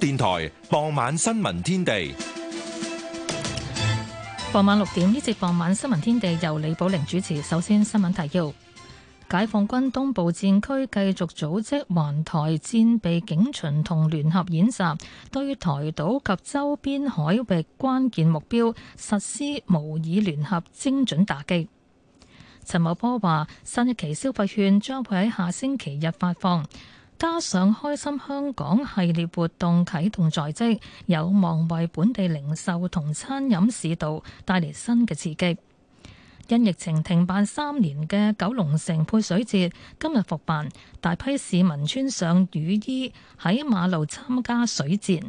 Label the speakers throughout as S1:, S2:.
S1: 電台傍晚新聞天地，
S2: 傍晚六點呢節傍晚新聞天地由李寶玲主持。首先新聞提要：解放軍東部戰區繼續組織環台戰備警巡同聯合演習，對台島及周邊海域關鍵目標實施模擬聯合精準打擊。陳茂波話：新一期消費券將會喺下星期日發放。加上開心香港系列活動啟動在即，有望為本地零售同餐飲市道帶嚟新嘅刺激。因疫情停辦三年嘅九龍城潑水節今日復辦，大批市民穿上雨衣喺馬路參加水戰。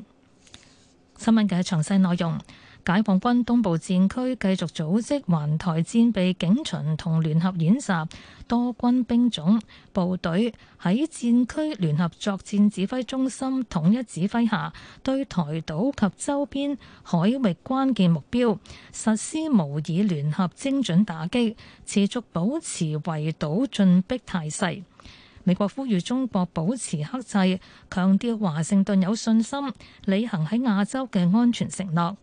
S2: 新聞嘅詳細內容。解放軍東部戰區繼續組織環台戰備警巡同聯合演習，多軍兵種部隊喺戰區聯合作戰指揮中心統一指揮下，對台島及周邊海域關鍵目標實施模擬聯合精準打擊，持續保持圍島進逼態勢。美國呼籲中國保持克制，強調華盛頓有信心履行喺亞洲嘅安全承諾。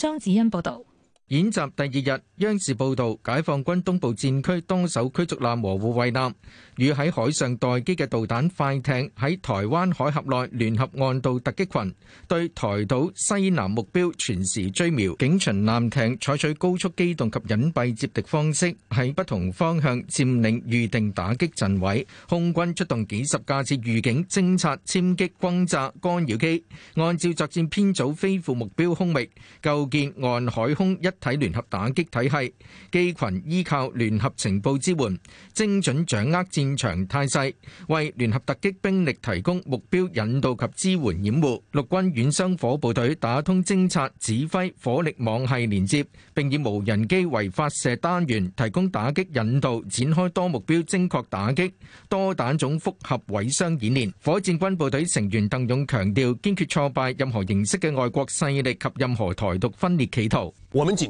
S2: 張子欣報道。
S3: 演習第二日，央視報導，解放軍東部戰區當守驅逐艦和護衛艦，與喺海上待機嘅導彈快艇喺台灣海峽內聯合岸導突擊群，對台島西南目標全時追瞄。警巡艦艇採取高速機動及隱蔽接敵方式，喺不同方向佔領預定打擊陣位。空軍出動幾十架次預警、偵察、殲擊、轟炸、干擾機，按照作戰編組飛赴目標空域，構建岸海空一體聯合打擊體系，機群依靠聯合情報支援，精準掌握戰場態勢，為聯合突擊兵力提供目標引導及支援掩護。陸軍遠傷火部隊打通偵察、指揮、火力網系連接，並以無人機為發射單元提供打擊引導，展開多目標精確打擊、多彈種複合毀傷演練。火箭軍部隊成員鄧勇強調，堅決挫敗任何形式嘅外國
S1: 勢力及任何台獨分裂企圖。王敏治。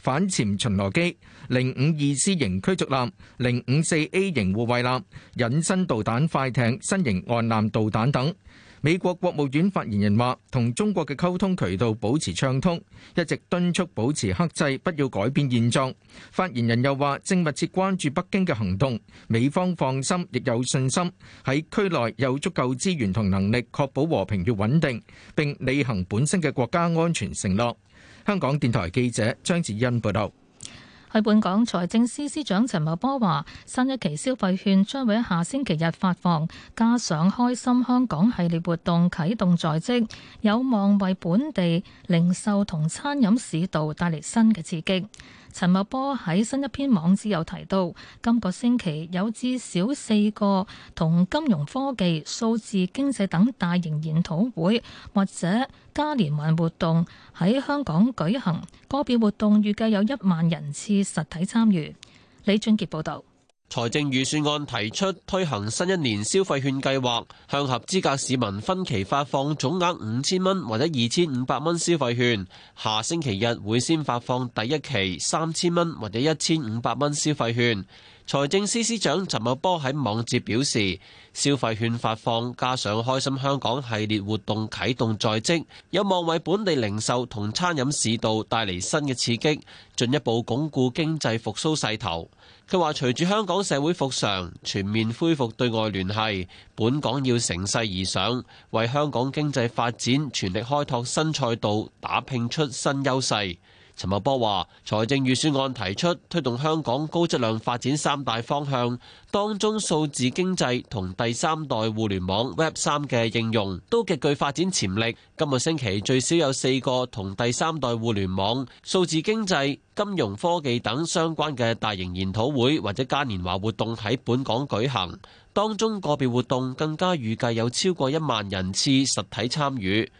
S3: 反潛巡邏機、零五二 C 型驅逐艦、零五四 A 型護衛艦、隱身導彈快艇、新型岸艦導彈等。美國國務院發言人話：同中國嘅溝通渠道保持暢通，一直敦促保持克制，不要改變現狀。發言人又話：正密切關注北京嘅行動，美方放心亦有信心喺區內有足夠資源同能力確保和平與穩定，並履行本身嘅國家安全承諾。香港電台記者張子欣報道，
S2: 喺本港財政司司長陳茂波話，新一期消費券將會喺下星期日發放，加上開心香港系列活動啟動在即，有望為本地零售同餐飲市道帶嚟新嘅刺激。陳茂波喺新一篇網誌有提到，今個星期有至少四個同金融科技、數字經濟等大型研討會，或者嘉年華活動喺香港舉行，個別活動預計有一萬人次實體參與。李俊傑報導。
S4: 財政預算案提出推行新一年消費券計劃，向合資格市民分期發放總額五千蚊或者二千五百蚊消費券。下星期日會先發放第一期三千蚊或者一千五百蚊消費券。財政司司長陳茂波喺網誌表示，消費券發放加上開心香港系列活動啟動在即，有望為本地零售同餐飲市道帶嚟新嘅刺激，進一步鞏固經濟復蘇勢頭。佢話：隨住香港社會復常、全面恢復對外聯繫，本港要乘勢而上，為香港經濟發展全力開拓新賽道，打拼出新優勢。陳茂波話：財政預算案提出推動香港高質量發展三大方向，當中數字經濟同第三代互聯網 （Web 三）嘅應用都極具發展潛力。今個星期最少有四個同第三代互聯網、數字經濟、金融科技等相關嘅大型研討會或者嘉年華活動喺本港舉行，當中個別活動更加預計有超過一萬人次實體參與。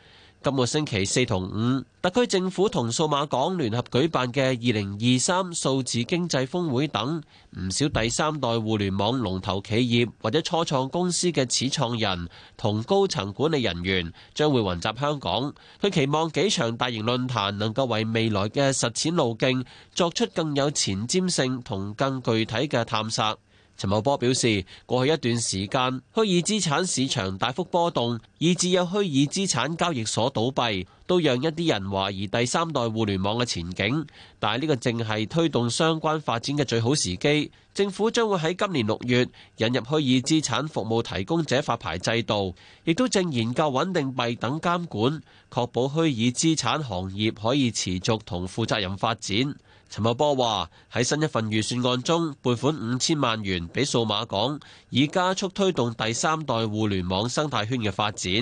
S4: 今個星期四同五，特區政府同數碼港聯合舉辦嘅二零二三數字經濟峰會等，唔少第三代互聯網龍頭企業或者初創公司嘅始創人同高層管理人員將會雲集香港。佢期望幾場大型論壇能夠為未來嘅實踐路徑作出更有前瞻性同更具體嘅探索。陳茂波表示，過去一段時間，虛擬資產市場大幅波動，以至有虛擬資產交易所倒閉，都讓一啲人懷疑第三代互聯網嘅前景。但係呢個正係推動相關發展嘅最好時機。政府將會喺今年六月引入虛擬資產服務提供者發牌制度，亦都正研究穩定幣等監管，確保虛擬資產行業可以持續同負責任發展。陳茂波話：喺新一份預算案中，撥款五千萬元俾數碼港，以加速推動第三代互聯網生態圈嘅發展。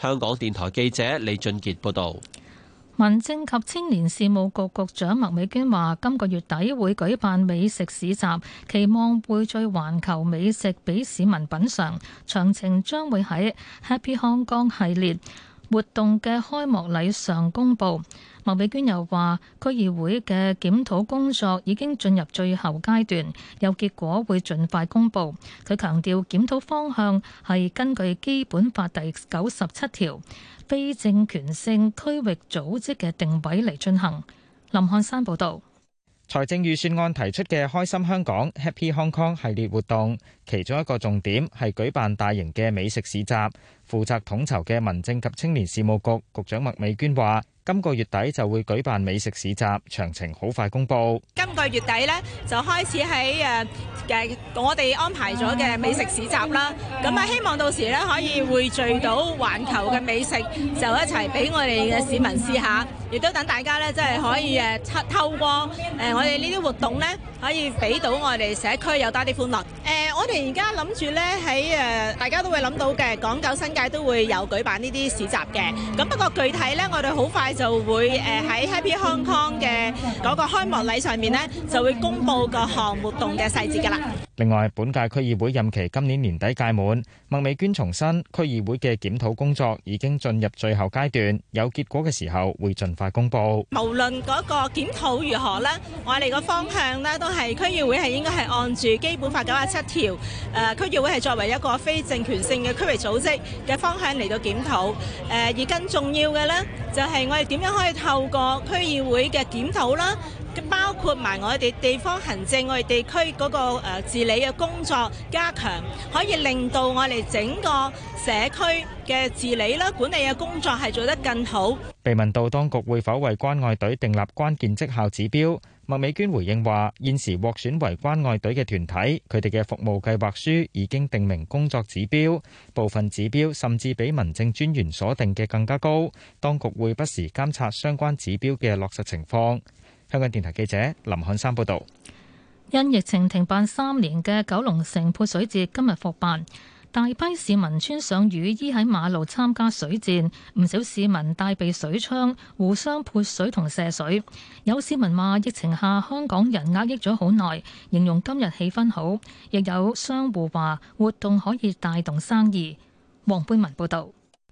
S4: 香港電台記者李俊杰報道。
S2: 民政及青年事務局局長麥美娟話：今個月底會舉辦美食市集，期望匯聚環球美食俾市民品嘗。詳情將會喺 Happy Hong Kong 系列活動嘅開幕禮上公布。麥美娟又話：區議會嘅檢討工作已經進入最後階段，有結果會盡快公佈。佢強調檢討方向係根據《基本法》第九十七條非政權性區域組織嘅定位嚟進行。林漢山報導。
S5: 財政預算案提出嘅開心香港 Happy Hong Kong 系列活動，其中一個重點係舉辦大型嘅美食市集。負責統籌嘅民政及青年事務局局長麥美娟話，今個月底就會舉辦美食市集，詳情好快公佈。
S6: 今個月底呢，就開始喺誒。我哋安排咗嘅美食市集啦，咁啊希望到時咧可以匯聚到環球嘅美食，就一齊俾我哋嘅市民試下，亦都等大家咧即係可以誒透過誒我哋呢啲活動咧。可以俾到我哋社區有多啲歡樂。誒，我哋而家諗住咧喺誒，大家都會諗到嘅，港九新界都會有舉辦呢啲市集嘅。咁不過具體咧，我哋好快就會誒喺 Happy Hong Kong 嘅嗰個開幕禮上面咧，就會公布個項活動嘅細節㗎啦。
S5: 另外，本屆區議會任期今年年底屆滿，麥美娟重申區議會嘅檢討工作已經進入最後階段，有結果嘅時候會盡快公佈。
S6: 無論嗰個檢討如何呢，我哋個方向呢都係區議會係應該係按住基本法九十七條，誒區議會係作為一個非政權性嘅區域組織嘅方向嚟到檢討。誒而更重要嘅呢，就係我哋點樣可以透過區議會嘅檢討啦。佢包括埋我哋地方行政，我哋地區嗰個誒治理嘅工作加強，可以令到我哋整個社區嘅治理啦、管理嘅工作係做得更好。
S5: 被問到當局會否為關愛隊訂立關鍵績效指標，麥美娟回應話：現時獲選為關愛隊嘅團體，佢哋嘅服務計劃書已經定明工作指標，部分指標甚至比民政專員所定嘅更加高。當局會不時監察相關指標嘅落實情況。香港電台記者林漢山報道，
S2: 因疫情停辦三年嘅九龍城潑水節今日復辦，大批市民穿上雨衣喺馬路參加水戰，唔少市民帶備水槍互相潑水同射水。有市民話，疫情下香港人壓抑咗好耐，形容今日氣氛好。亦有商戶話，活動可以帶動生意。黃貝文報道。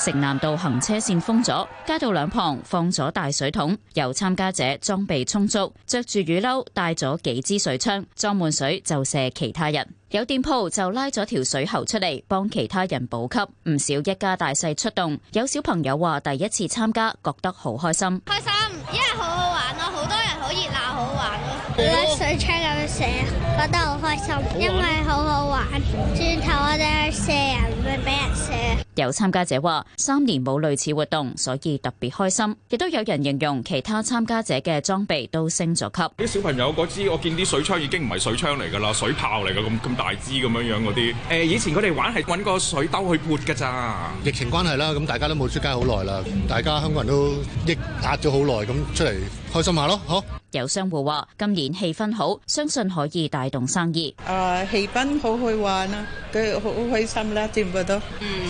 S7: 城南道行車線封咗，街道兩旁放咗大水桶。有參加者裝備充足，着住雨褸，帶咗幾支水槍，裝滿水就射其他人。有店鋪就拉咗條水喉出嚟幫其他人補給。唔少一家大細出動，有小朋友話第一次參加，覺得好開心。
S8: 開心，因為好好玩咯，好多人，好熱鬧，好玩咯。拉水槍咁射，覺得好開心，因為好好玩。轉頭我哋去射人，咪俾人射。
S7: 有參加者話：三年冇類似活動，所以特別開心。亦都有人形容其他參加者嘅裝備都升咗級。啲小朋
S1: 友嗰支，我見啲水槍已經唔係水槍嚟㗎啦，水炮嚟㗎，咁咁大支咁樣樣嗰啲。誒、呃，以前佢哋玩係搵個水兜去潑㗎咋。
S7: 疫情關係啦，咁大家都冇出街好耐啦，大家香港人都抑壓咗好耐，咁出嚟開心下咯，好。有商戶話：今年氣氛好，相信可以帶動生
S8: 意。啊，氣氛好去玩啊，佢好開心啦，全部都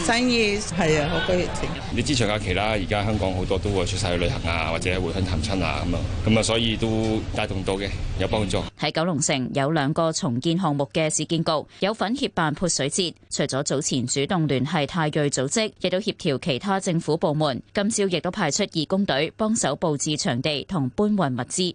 S8: 生意係啊，好鬼熱情。
S1: 你知長假期啦，而家香港好多都會出曬去旅行啊，或者回鄉探親啊，咁啊，咁啊，所以都帶動到嘅，有幫助。
S7: 喺九龍城有兩個重建項目嘅市建局有份協辦潑水節，除咗早前主動聯繫泰瑞組織，亦都協調其他政府部門。今朝亦都派出義工隊幫手佈置場地同搬運物資。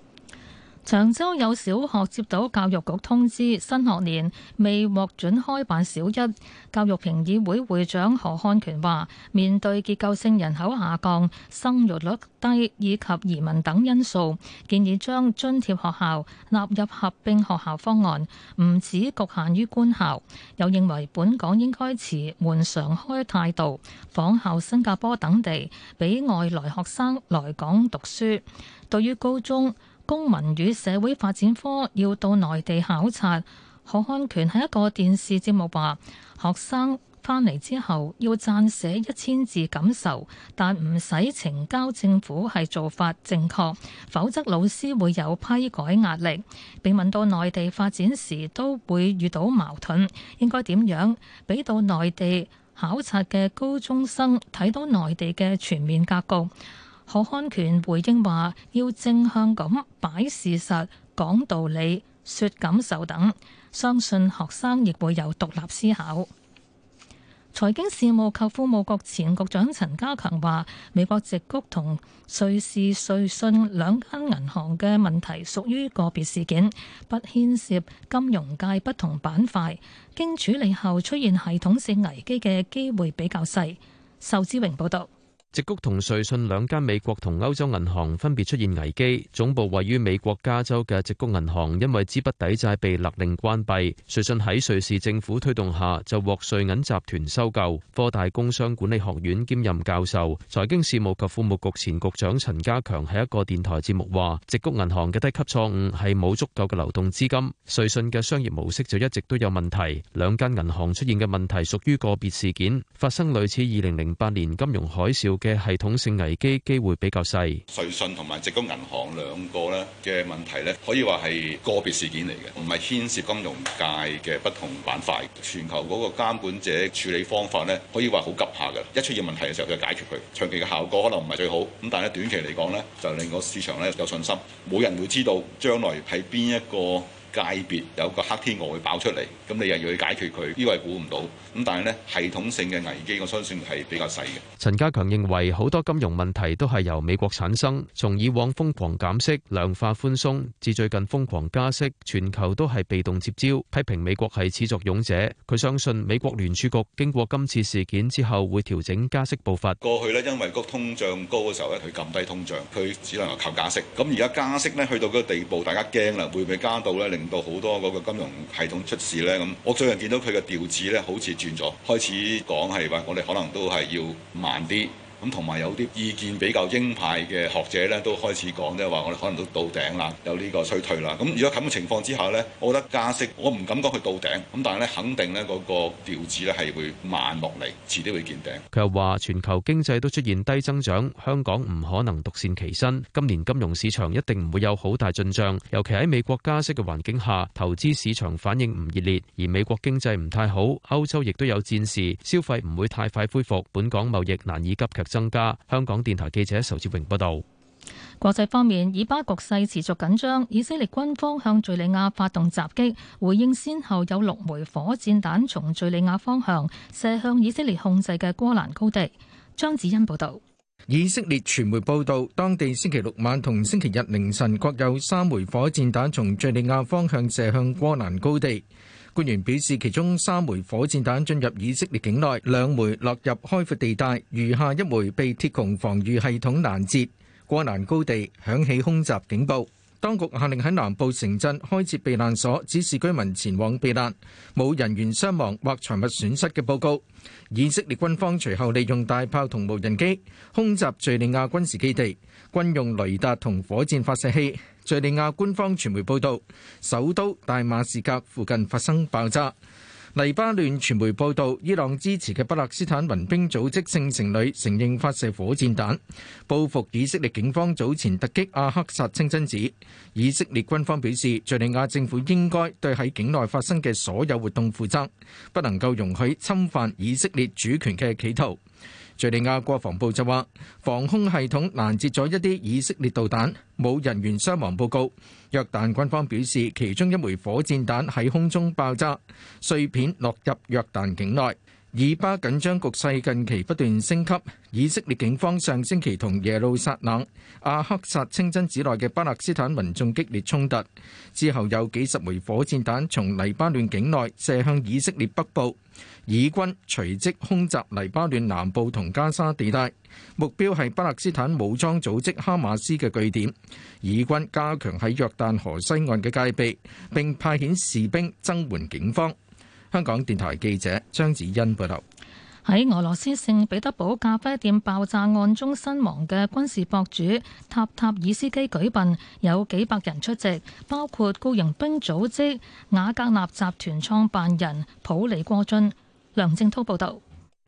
S2: 長洲有小學接到教育局通知，新學年未獲准開辦小一。教育評議會會長何漢權話：面對結構性人口下降、生育率，率低以及移民等因素，建議將津貼學校納入合併學校方案，唔止局限於官校。又認為本港應該持門常開態度，仿效新加坡等地，俾外來學生來港讀書。對於高中，公民與社會發展科要到內地考察，何漢權係一個電視節目話，學生翻嚟之後要撰寫一千字感受，但唔使呈交政府係做法正確，否則老師會有批改壓力。被問到內地發展時都會遇到矛盾，應該點樣？俾到內地考察嘅高中生睇到內地嘅全面格局。何漢權回應話：要正向咁擺事實、講道理、說感受等，相信學生亦會有獨立思考。財經事務及庫務局前局長陳家強話：美國矽谷同瑞士瑞信兩間銀行嘅問題屬於個別事件，不牽涉金融界不同板塊，經處理後出現系統性危機嘅機會比較細。仇志榮報道。
S9: 矽谷同瑞信兩間美國同歐洲銀行分別出現危機，總部位於美國加州嘅矽谷銀行因為資不抵債被勒令關閉，瑞信喺瑞士政府推動下就獲瑞銀集團收購。科大工商管理學院兼任教授、財經事務及庫務局前局長陳家強喺一個電台節目話：矽谷銀行嘅低級錯誤係冇足夠嘅流動資金，瑞信嘅商業模式就一直都有問題。兩間銀行出現嘅問題屬於個別事件，發生類似二零零八年金融海嘯。嘅系統性危機機會比較細。
S1: 瑞信同埋矽谷銀行兩個咧嘅問題咧，可以話，係個別事件嚟嘅，唔係牽涉金融界嘅不同板塊。全球嗰個監管者處理方法咧，可以話好急下嘅，一出現問題嘅時候就解決佢。長期嘅效果可能唔係最好，咁但係短期嚟講咧，就令個市場咧有信心。冇人會知道將來喺邊一個界別有個黑天鵝會爆出嚟，咁你又要去解決佢，呢個係估唔到。咁但係呢，系統性嘅危機，我相信係比較細嘅。
S9: 陳家強認為好多金融問題都係由美國產生，從以往瘋狂減息、量化寬鬆，至最近瘋狂加息，全球都係被動接招，批評美國係始作俑者。佢相信美國聯儲局經過今次事件之後，會調整加息步伐。
S1: 過去呢，因為個通脹高嘅時候呢，佢撳低通脹，佢只能夠靠加息。咁而家加息呢，去到個地步，大家驚啦，會唔會加到呢令，令到好多嗰個金融系統出事咧，咁我最近見到佢嘅調子咧，好似轉咗，開始講係話，我哋可能都係要慢啲。咁同埋有啲意見比較鷹派嘅學者咧，都開始講即係話，我哋可能都到頂啦，有呢個衰退啦。咁如果咁嘅情況之下咧，我覺得加息，我唔敢講佢到頂，咁但係咧肯定咧呢個調子咧係會慢落嚟，遲啲會見頂。
S9: 佢又話：全球經濟都出現低增長，香港唔可能獨善其身，今年金融市場一定唔會有好大進帳。尤其喺美國加息嘅環境下，投資市場反應唔熱烈，而美國經濟唔太好，歐洲亦都有戰事，消費唔會太快恢復，本港貿易難以急劇增加。香港電台記者仇志榮報道。
S2: 國際方面，以巴局勢持續緊張，以色列軍方向敘利亞發動襲擊，回應先後有六枚火箭彈從敘利亞方向射向以色列控制嘅戈蘭高地。張子欣報道。
S3: 以色列傳媒報道，當地星期六晚同星期日凌晨各有三枚火箭彈從敘利亞方向射向戈蘭高地。官員表示，其中三枚火箭彈進入以色列境內，兩枚落入開闊地帶，餘下一枚被鐵穹防禦系統攔截。戈蘭高地響起空襲警報。當局下令喺南部城鎮開設避難所，指示居民前往避難，冇人員傷亡或財物損失嘅報告。以色列軍方隨後利用大炮同無人機空襲敘利亞軍事基地、軍用雷達同火箭發射器。敘利亞官方傳媒報道，首都大馬士革附近發生爆炸。黎巴嫩傳媒報道，伊朗支持嘅巴勒斯坦民兵組織聖城旅承認發射火箭彈，報復以色列警方早前突擊阿克薩清真寺。以色列軍方表示，敍利亞政府應該對喺境內發生嘅所有活動負責，不能夠容許侵犯以色列主權嘅企圖。敘利亞國防部就話，防空系統攔截咗一啲以色列導彈，冇人員傷亡報告。約旦軍方表示，其中一枚火箭彈喺空中爆炸，碎片落入約旦境內。以巴緊張局勢近期不斷升級，以色列警方上星期同耶路撒冷、阿克薩清真寺內嘅巴勒斯坦民眾激烈衝突之後，有幾十枚火箭彈從黎巴嫩境內射向以色列北部，以軍隨即空襲黎巴嫩南部同加沙地帶，目標係巴勒斯坦武裝組織哈馬斯嘅據點。以軍加強喺約旦河西岸嘅戒備，並派遣士兵增援警方。香港電台記者張子欣報道：
S2: 喺俄羅斯聖彼得堡咖啡店爆炸案中身亡嘅軍事博主，塔塔爾斯基舉殯，有幾百人出席，包括僱傭兵組織瓦格納集團創辦人普里戈津。梁正濤報道：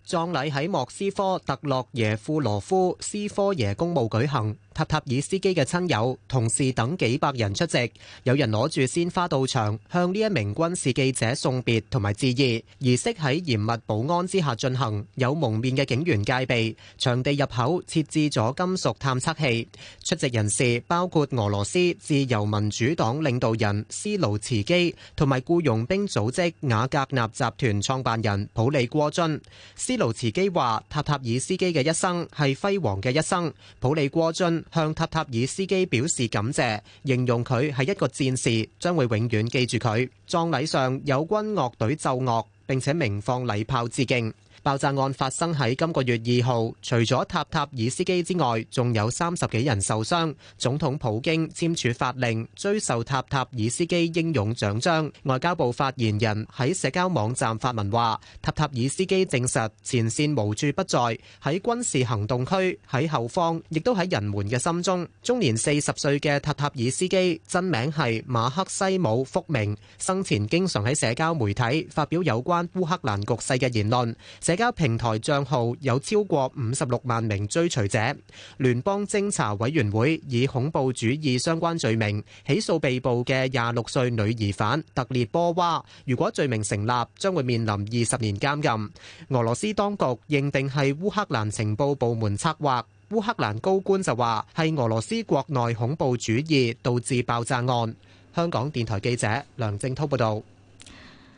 S10: 葬禮喺莫斯科特洛耶夫羅夫斯科耶公墓舉行。塔塔爾斯基嘅親友、同事等幾百人出席，有人攞住鮮花到場，向呢一名軍事記者送別同埋致意。儀式喺嚴密保安之下進行，有蒙面嘅警員戒備。場地入口設置咗金屬探測器。出席人士包括俄羅斯自由民主黨領導人斯盧茨基同埋僱傭兵組織瓦格納集團創辦人普里戈津。斯盧茨基話：塔塔爾斯基嘅一生係輝煌嘅一生。普里戈津，向塔塔爾司機表示感謝，形容佢係一個戰士，將會永遠記住佢。葬禮上有軍樂隊奏樂，並且鳴放禮炮致敬。爆炸案發生喺今個月二號，除咗塔塔爾斯基之外，仲有三十幾人受傷。總統普京簽署法令追授塔塔爾斯基英勇獎章。外交部發言人喺社交網站發文話：塔塔爾斯基證實前線無處不在，喺軍事行動區，喺後方，亦都喺人們嘅心中。終年四十歲嘅塔塔爾斯基真名係馬克西姆·福明，生前經常喺社交媒體發表有關烏克蘭局勢嘅言論。社交平台賬號有超過五十六萬名追隨者。聯邦偵查委員會以恐怖主義相關罪名起訴被捕嘅廿六歲女疑犯特列波娃。如果罪名成立，將會面臨二十年監禁。俄羅斯當局認定係烏克蘭情報部門策劃。烏克蘭高官就話係俄羅斯國內恐怖主義導致爆炸案。香港電台記者梁正濤報道。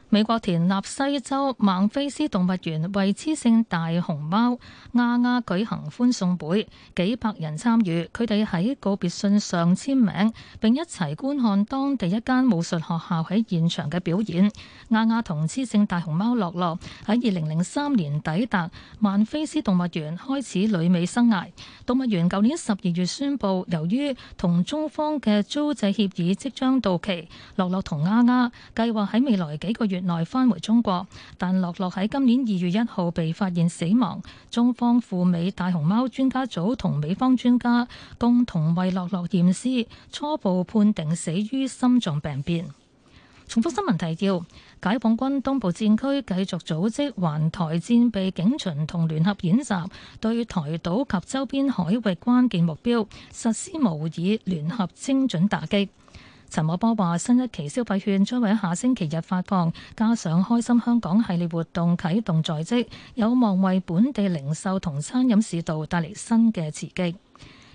S2: 美國田納西州孟菲斯動物園為雌性大熊貓丫丫丫舉行歡送會，幾百人參與，佢哋喺告別信上簽名，並一齊觀看當地一間武術學校喺現場嘅表演。丫丫同雌性大熊貓樂樂喺二零零三年抵達孟菲斯動物園開始旅美生涯。動物園舊年十二月宣佈，由於同中方嘅租借協議即將到期，樂樂同丫丫計劃喺未來幾個月。月內返回中國，但樂樂喺今年二月一號被發現死亡。中方赴美大熊貓專家組同美方專家共同為樂樂驗屍，初步判定死於心臟病變。重複新聞提要：解放軍東部戰區繼續組織環台戰備警巡同聯合演習，對台島及周邊海域關鍵目標實施模擬聯合精準打擊。陳茂波話：新一期消費券將會喺下星期日發放，加上開心香港系列活動啟動在即，有望為本地零售同餐飲市道帶嚟新嘅刺激。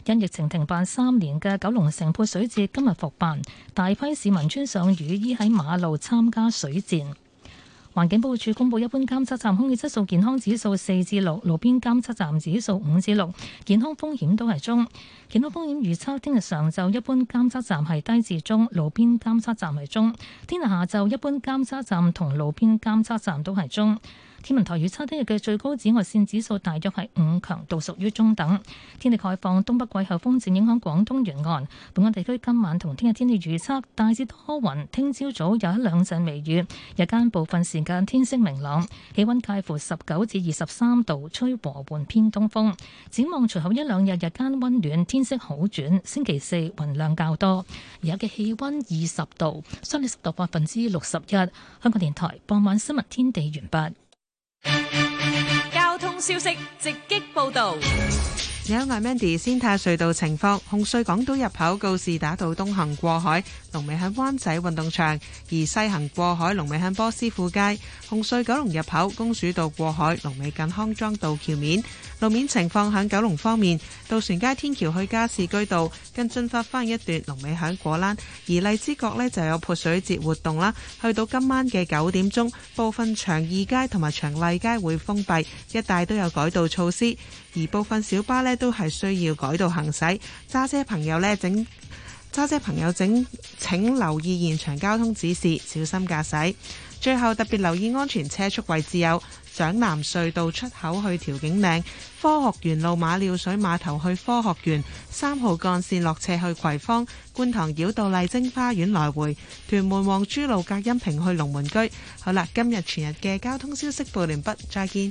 S2: 因疫情停辦三年嘅九龍城潑水節今日復辦，大批市民穿上雨衣喺馬路參加水戰。環境保護署公布，一般監測站空氣質素健康指數四至六，6, 路邊監測站指數五至六，6, 健康風險都係中。健康風險預測，聽日上晝一般監測站係低至中，路邊監測站係中；聽日下晝一般監測站同路邊監測站都係中。天文台預測聽日嘅最高紫外線指數大約係五，強度屬於中等。天氣概況，東北季候風正影響廣東沿岸。本港地區今晚同聽日天氣預測大致多雲，聽朝早，早有一兩陣微雨，日間部分時間天色明朗，氣溫介乎十九至二十三度，吹和緩偏東風。展望隨後一兩日日間溫暖，天色好轉。星期四雲量較多，而家嘅氣溫二十度，相對濕度百分之六十一。香港電台傍晚新聞天地完畢。
S11: 交通消息，直擊報道。
S8: 有外 Mandy 先睇隧道情況，紅隧港島入口告士打道東行過海，龍尾喺灣仔運動場；而西行過海龍尾喺波斯富街。紅隧九龍入口公主道過海，龍尾近康莊道橋面。路面情況喺九龍方面，渡船街天橋去加士居道跟進發翻一段，龍尾喺果欄。而荔枝角呢，就有潑水節活動啦。去到今晚嘅九點鐘，部分長義街同埋長荔街會封閉，一帶都有改道措施。而部分小巴呢，都係需要改道行駛，揸車朋友咧整揸車朋友整，請留意現場交通指示，小心駕駛。最後特別留意安全車速位置有：將藍隧道出口去調景嶺、科學園路馬料水碼頭去科學園、三號幹線落斜去葵芳、觀塘繞道麗晶花園來回、屯門皇珠路隔音屏去龍門居。好啦，今日全日嘅交通消息報完畢，再見。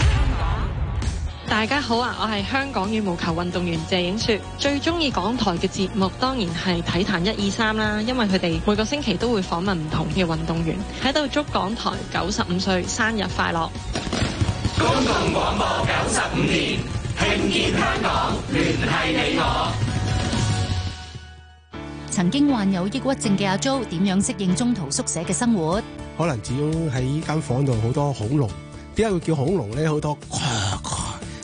S8: 大家好啊！我係香港羽毛球運動員謝影雪，最中意港台嘅節目當然係《體壇一二三》啦，因為佢哋每個星期都會訪問唔同嘅運動員，喺度祝港台九十五歲生日快樂！
S4: 公共廣播九十五年，聽見香港，聯繫你我。
S11: 曾經患有抑鬱症嘅阿 Jo 點樣適應中途宿舍嘅生活？
S4: 可能始終喺呢間房度好多恐龍，點解會叫恐龍呢？好多。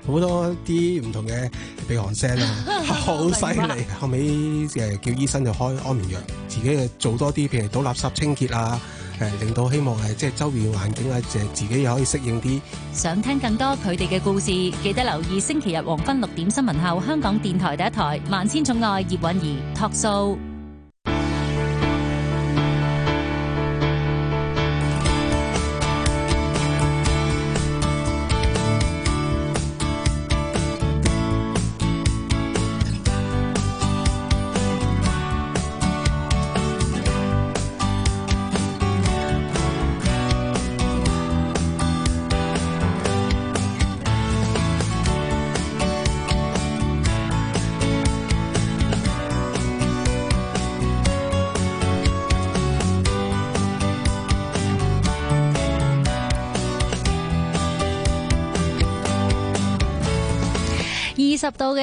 S4: 好多啲唔同嘅鼻鼾聲啊，好犀利！ 後尾誒叫醫生就開安眠藥，自己就做多啲譬如倒垃圾清潔啊，誒令到希望誒即係周邊環境啊，誒自己又可以適應啲。
S11: 想聽更多佢哋嘅故事，記得留意星期日黃昏六點新聞後，香港電台第一台《萬千寵愛》葉韻儀託數。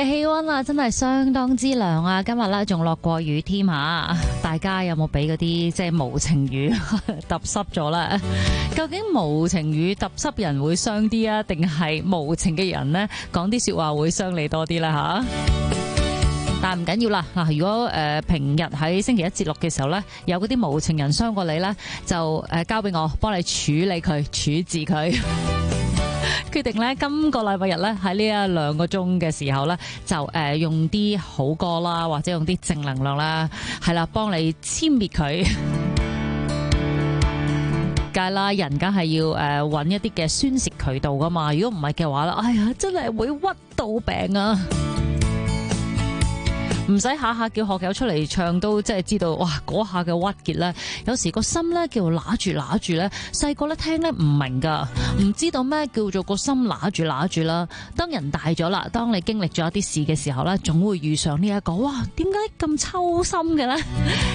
S11: 氣温啦，真係相當之涼啊！今日咧仲落過雨添吓，大家有冇俾嗰啲即係無情雨揼濕咗咧？究竟無情雨揼濕人會傷啲啊，定係無情嘅人呢？講啲說話會傷你多啲啦吓？但係唔緊要啦，嗱，如果誒平日喺星期一至六嘅時候咧，有嗰啲無情人傷過你咧，就誒交俾我，幫你處理佢，處置佢。決定咧，今個禮拜日咧喺呢一兩個鐘嘅時，時候咧，就誒用啲好歌啦，或者用啲正能量啦，係啦，幫你殲滅佢。梗係啦，人梗係要誒揾一啲嘅宣洩渠道噶嘛，如果唔係嘅話咧，哎呀，真係會屈到病啊！ 唔使下下叫學友出嚟唱都即係知道哇！嗰下嘅鬱結咧，有時個心咧叫揦住揦住咧。細個咧聽咧唔明噶，唔知道咩叫做個心揦住揦住啦。當人大咗啦，當你經歷咗一啲事嘅時候咧，總會遇上呢、這、一個哇！點解咁抽心嘅咧？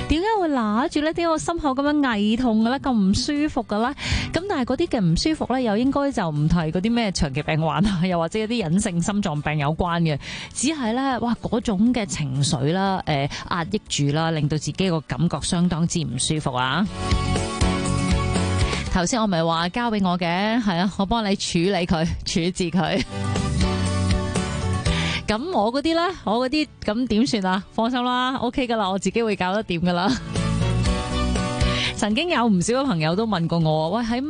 S11: 點解會揦住呢？點解我心口咁樣翳痛嘅咧？咁唔舒服嘅咧？咁但係嗰啲嘅唔舒服咧，又應該就唔係嗰啲咩長期病患啊，又或者一啲隱性心臟病有關嘅，只係咧哇嗰種嘅情。水啦，誒、呃，壓抑住啦，令到自己個感覺相當之唔舒服啊！頭先 我咪話交俾我嘅，係啊，我幫你處理佢，處置佢。咁 我嗰啲咧，我嗰啲咁點算啊？放心啦，OK 噶啦，我自己會
S2: 搞得掂噶啦。曾經有唔少嘅朋友都問過我，喂，喺。